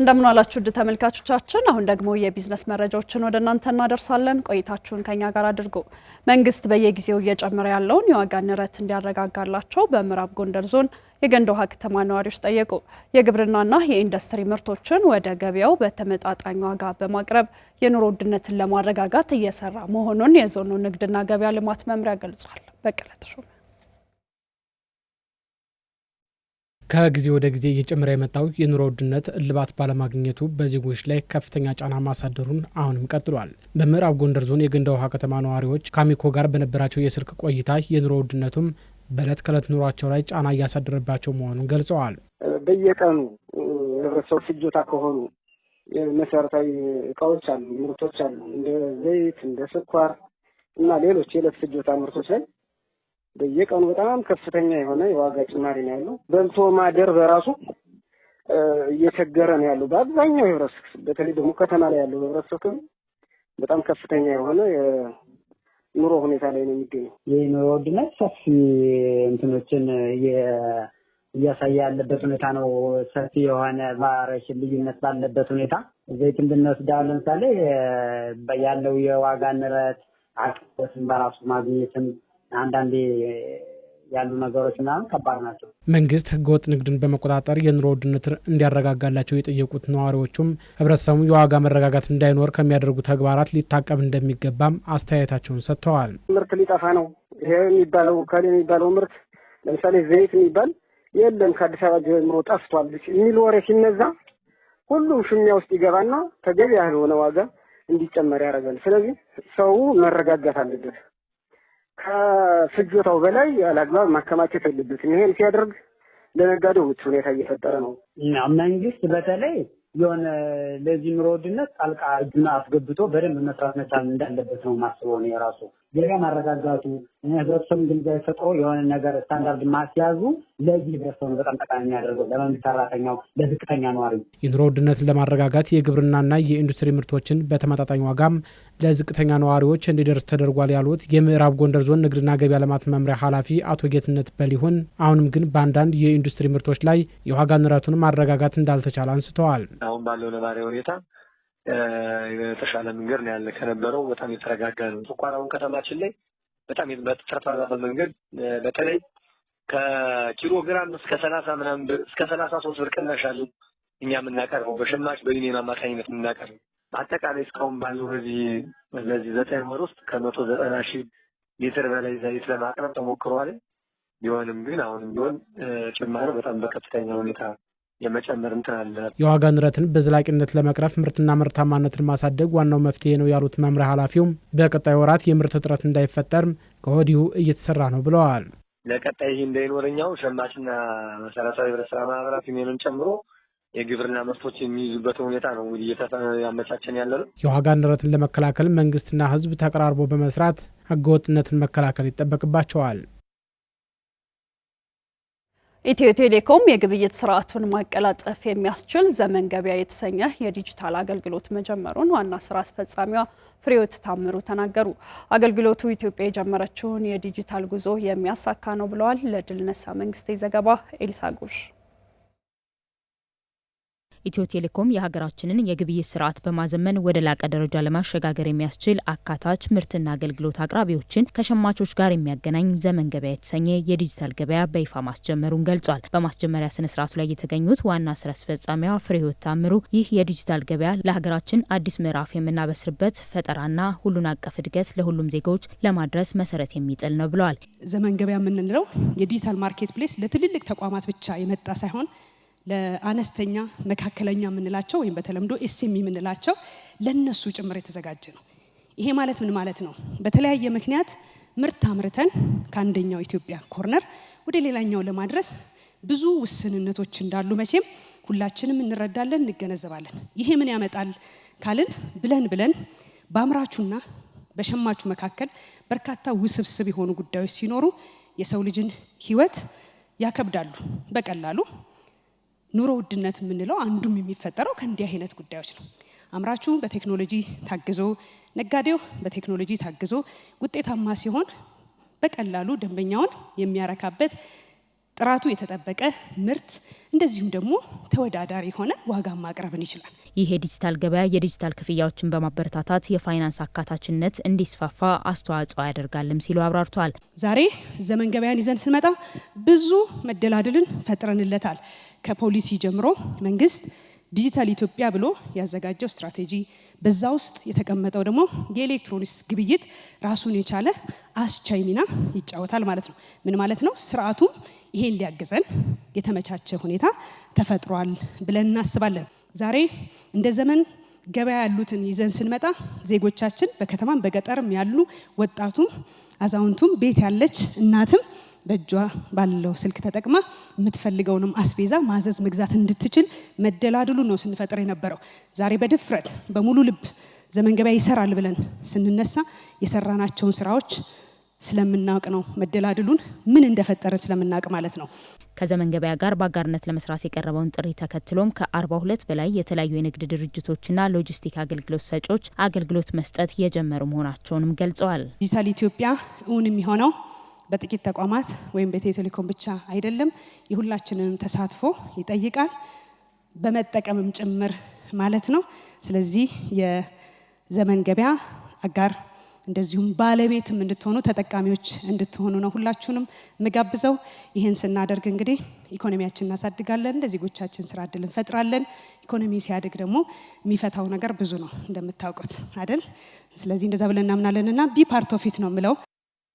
እንደምን ዋላችሁ ውድ ተመልካቾቻችን። አሁን ደግሞ የቢዝነስ መረጃዎችን ወደ እናንተ እናደርሳለን። ቆይታችሁን ከኛ ጋር አድርጉ። መንግስት በየጊዜው እየጨመረ ያለውን የዋጋ ንረት እንዲያረጋጋላቸው በምዕራብ ጎንደር ዞን የገንደ ውሃ ከተማ ነዋሪዎች ጠየቁ። የግብርናና የኢንዱስትሪ ምርቶችን ወደ ገበያው በተመጣጣኝ ዋጋ በማቅረብ የኑሮ ውድነትን ለማረጋጋት እየሰራ መሆኑን የዞኑ ንግድና ገበያ ልማት መምሪያ ገልጿል። በቀለ ተሾመ ከጊዜ ወደ ጊዜ እየጨመረ የመጣው የኑሮ ውድነት እልባት ባለማግኘቱ በዜጎች ላይ ከፍተኛ ጫና ማሳደሩን አሁንም ቀጥሏል። በምዕራብ ጎንደር ዞን የገንዳ ውሃ ከተማ ነዋሪዎች ከአሚኮ ጋር በነበራቸው የስልክ ቆይታ የኑሮ ውድነቱም በዕለት ከዕለት ኑሯቸው ላይ ጫና እያሳደረባቸው መሆኑን ገልጸዋል። በየቀኑ ህብረተሰቡ ፍጆታ ከሆኑ መሰረታዊ እቃዎች አሉ፣ ምርቶች አሉ እንደ ዘይት፣ እንደ ስኳር እና ሌሎች የዕለት ፍጆታ ምርቶች ላይ በየቀኑ በጣም ከፍተኛ የሆነ የዋጋ ጭማሪ ነው ያለው። በልቶ ማደር በራሱ እየቸገረ ነው ያለው በአብዛኛው ህብረተሰብ፣ በተለይ ደግሞ ከተማ ላይ ያለው ህብረተሰብ ክፍል በጣም ከፍተኛ የሆነ የኑሮ ሁኔታ ላይ ነው የሚገኘው። ይህ ኑሮ ውድነት ሰፊ እንትኖችን እያሳየ ያለበት ሁኔታ ነው። ሰፊ የሆነ ቫሪዬሽን ልዩነት ባለበት ሁኔታ ዘይትን ብንወስድ ለምሳሌ ያለው የዋጋ ንረት አቅርቦትን በራሱ ማግኘትም አንዳንዴ ያሉ ነገሮች ምናምን ከባድ ናቸው። መንግስት ህገወጥ ንግድን በመቆጣጠር የኑሮ ውድነትን እንዲያረጋጋላቸው የጠየቁት ነዋሪዎቹም ህብረተሰቡ የዋጋ መረጋጋት እንዳይኖር ከሚያደርጉ ተግባራት ሊታቀብ እንደሚገባም አስተያየታቸውን ሰጥተዋል። ምርት ሊጠፋ ነው። ይሄ የሚባለው ከሌ የሚባለው ምርት ለምሳሌ ዘይት የሚባል የለም ከአዲስ አበባ ጀምሮ ጠፍቷል የሚል ወሬ ሲነዛ ሁሉም ሽሚያ ውስጥ ይገባና ተገቢ ያልሆነ ዋጋ እንዲጨመር ያደርጋል። ስለዚህ ሰው መረጋጋት አለበት። ከፍጆታው በላይ ያለአግባብ ማከማቸት የለበትም። ይሄን ሲያደርግ ለነጋዴው ምቹ ሁኔታ እየፈጠረ ነው እና መንግስት በተለይ የሆነ ለዚህ ኑሮ ውድነት ጣልቃ እጁን አስገብቶ በደንብ መስራት መቻል እንዳለበት ነው ማስበው ነው የራሱ ገበያ ማረጋጋቱ ህብረተሰቡን ግንዛቤ ፈጥሮ የሆነ ነገር ስታንዳርድ ማስያዙ ለዚህ ህብረተሰቡን በጣም ጠቃሚ ያደርገው ለመንግስት ሰራተኛው፣ ለዝቅተኛ ነዋሪ የኑሮ ውድነትን ለማረጋጋት የግብርናና የኢንዱስትሪ ምርቶችን በተመጣጣኝ ዋጋም ለዝቅተኛ ነዋሪዎች እንዲደርስ ተደርጓል ያሉት የምዕራብ ጎንደር ዞን ንግድና ገበያ ልማት መምሪያ ኃላፊ አቶ ጌትነት በሊሆን አሁንም ግን በአንዳንድ የኢንዱስትሪ ምርቶች ላይ የዋጋ ንረቱን ማረጋጋት እንዳልተቻለ አንስተዋል። አሁን ባለው ነባራዊ ሁኔታ የተሻለ መንገድ ነው ያለ ከነበረው በጣም የተረጋጋ ነው። ስኳራውን ከተማችን ላይ በጣም በተረጋጋ መንገድ በተለይ ከኪሎ ግራም እስከ ሰላሳ ምናምን ብር እስከ ሰላሳ ሶስት ብር ቅናሽ እኛ የምናቀርበው በሸማች በዩኒየን አማካኝነት የምናቀርበው በአጠቃላይ እስካሁን ባለው በዚህ በዚህ ዘጠኝ ወር ውስጥ ከመቶ ዘጠና ሺህ ሊትር በላይ ዘይት ለማቅረብ ተሞክሯል። ቢሆንም ግን አሁንም ቢሆን ጭማሪው በጣም በከፍተኛ ሁኔታ የመጨመር እንትን አለ። የዋጋ ንረትን በዘላቂነት ለመቅረፍ ምርትና ምርታማነትን ማሳደግ ዋናው መፍትሄ ነው ያሉት መምሪያ ኃላፊውም በቀጣይ ወራት የምርት እጥረት እንዳይፈጠር ከወዲሁ እየተሰራ ነው ብለዋል። ለቀጣይ ይህ እንዳይኖረኛው ሸማችና መሰረታዊ ህብረት ስራ ማህበራት ሚሆንን ጨምሮ የግብርና ምርቶች የሚይዙበትን ሁኔታ ነው እንግዲህ ያመቻቸን ያለ ነው። የዋጋ ንረትን ለመከላከል መንግስትና ህዝብ ተቀራርቦ በመስራት ህገወጥነትን መከላከል ይጠበቅባቸዋል። ኢትዮ ቴሌኮም የግብይት ስርዓቱን ማቀላጠፍ የሚያስችል ዘመን ገበያ የተሰኘ የዲጂታል አገልግሎት መጀመሩን ዋና ስራ አስፈጻሚዋ ፍሬሕይወት ታምሩ ተናገሩ። አገልግሎቱ ኢትዮጵያ የጀመረችውን የዲጂታል ጉዞ የሚያሳካ ነው ብለዋል። ለድል ነሳ መንግስቴ ዘገባ ኤልሳ ጎሽ ኢትዮ ቴሌኮም የሀገራችንን የግብይት ስርዓት በማዘመን ወደ ላቀ ደረጃ ለማሸጋገር የሚያስችል አካታች ምርትና አገልግሎት አቅራቢዎችን ከሸማቾች ጋር የሚያገናኝ ዘመን ገበያ የተሰኘ የዲጂታል ገበያ በይፋ ማስጀመሩን ገልጿል። በማስጀመሪያ ስነ ስርዓቱ ላይ የተገኙት ዋና ስራ አስፈጻሚዋ ፍሬህይወት ታምሩ ይህ የዲጂታል ገበያ ለሀገራችን አዲስ ምዕራፍ የምናበስርበት ፈጠራና ሁሉን አቀፍ እድገት ለሁሉም ዜጎች ለማድረስ መሰረት የሚጥል ነው ብለዋል። ዘመን ገበያ የምንለው የዲጂታል ማርኬት ፕሌስ ለትልልቅ ተቋማት ብቻ የመጣ ሳይሆን ለአነስተኛ መካከለኛ የምንላቸው ወይም በተለምዶ ኤስኤም የምንላቸው ለነሱ ጭምር የተዘጋጀ ነው። ይሄ ማለት ምን ማለት ነው? በተለያየ ምክንያት ምርት አምርተን ከአንደኛው ኢትዮጵያ ኮርነር ወደ ሌላኛው ለማድረስ ብዙ ውስንነቶች እንዳሉ መቼም ሁላችንም እንረዳለን፣ እንገነዘባለን። ይሄ ምን ያመጣል ካልን ብለን ብለን በአምራቹና በሸማቹ መካከል በርካታ ውስብስብ የሆኑ ጉዳዮች ሲኖሩ የሰው ልጅን ሕይወት ያከብዳሉ በቀላሉ ኑሮ ውድነት የምንለው አንዱም የሚፈጠረው ከእንዲህ አይነት ጉዳዮች ነው። አምራቹ በቴክኖሎጂ ታግዞ፣ ነጋዴው በቴክኖሎጂ ታግዞ ውጤታማ ሲሆን በቀላሉ ደንበኛውን የሚያረካበት ጥራቱ የተጠበቀ ምርት እንደዚሁም ደግሞ ተወዳዳሪ የሆነ ዋጋ ማቅረብን ይችላል። ይህ የዲጂታል ገበያ የዲጂታል ክፍያዎችን በማበረታታት የፋይናንስ አካታችነት እንዲስፋፋ አስተዋጽኦ ያደርጋልም ሲሉ አብራርቷል። ዛሬ ዘመን ገበያን ይዘን ስንመጣ ብዙ መደላድልን ፈጥረንለታል። ከፖሊሲ ጀምሮ መንግስት ዲጂታል ኢትዮጵያ ብሎ ያዘጋጀው ስትራቴጂ፣ በዛ ውስጥ የተቀመጠው ደግሞ የኤሌክትሮኒክስ ግብይት ራሱን የቻለ አስቻይ ሚና ይጫወታል ማለት ነው። ምን ማለት ነው? ስርዓቱም ይሄን ሊያግዘን የተመቻቸ ሁኔታ ተፈጥሯል ብለን እናስባለን። ዛሬ እንደ ዘመን ገበያ ያሉትን ይዘን ስንመጣ ዜጎቻችን በከተማም በገጠርም ያሉ ወጣቱም አዛውንቱም ቤት ያለች እናትም በእጇ ባለው ስልክ ተጠቅማ የምትፈልገውንም አስቤዛ ማዘዝ፣ መግዛት እንድትችል መደላድሉ ነው ስንፈጥር የነበረው። ዛሬ በድፍረት በሙሉ ልብ ዘመን ገበያ ይሰራል ብለን ስንነሳ የሰራናቸውን ስራዎች ስለምናውቅ ነው። መደላድሉን ምን እንደፈጠረ ስለምናውቅ ማለት ነው። ከዘመን ገበያ ጋር በአጋርነት ለመስራት የቀረበውን ጥሪ ተከትሎም ከ42 በላይ የተለያዩ የንግድ ድርጅቶችና ሎጂስቲክ አገልግሎት ሰጪዎች አገልግሎት መስጠት የጀመሩ መሆናቸውንም ገልጸዋል። ዲጂታል ኢትዮጵያ እውን የሚሆነው በጥቂት ተቋማት ወይም በኢትዮ ቴሌኮም ብቻ አይደለም፣ የሁላችንንም ተሳትፎ ይጠይቃል፣ በመጠቀምም ጭምር ማለት ነው። ስለዚህ የዘመን ገበያ አጋር እንደዚሁም ባለቤትም እንድትሆኑ ተጠቃሚዎች እንድትሆኑ ነው ሁላችሁንም የምጋብዘው። ይህን ስናደርግ እንግዲህ ኢኮኖሚያችን እናሳድጋለን፣ ለዜጎቻችን ስራ እድል እንፈጥራለን። ኢኮኖሚ ሲያድግ ደግሞ የሚፈታው ነገር ብዙ ነው እንደምታውቁት አይደል? ስለዚህ እንደዛ ብለን እናምናለን እና ቢ ፓርት ኦፊት ነው የምለው።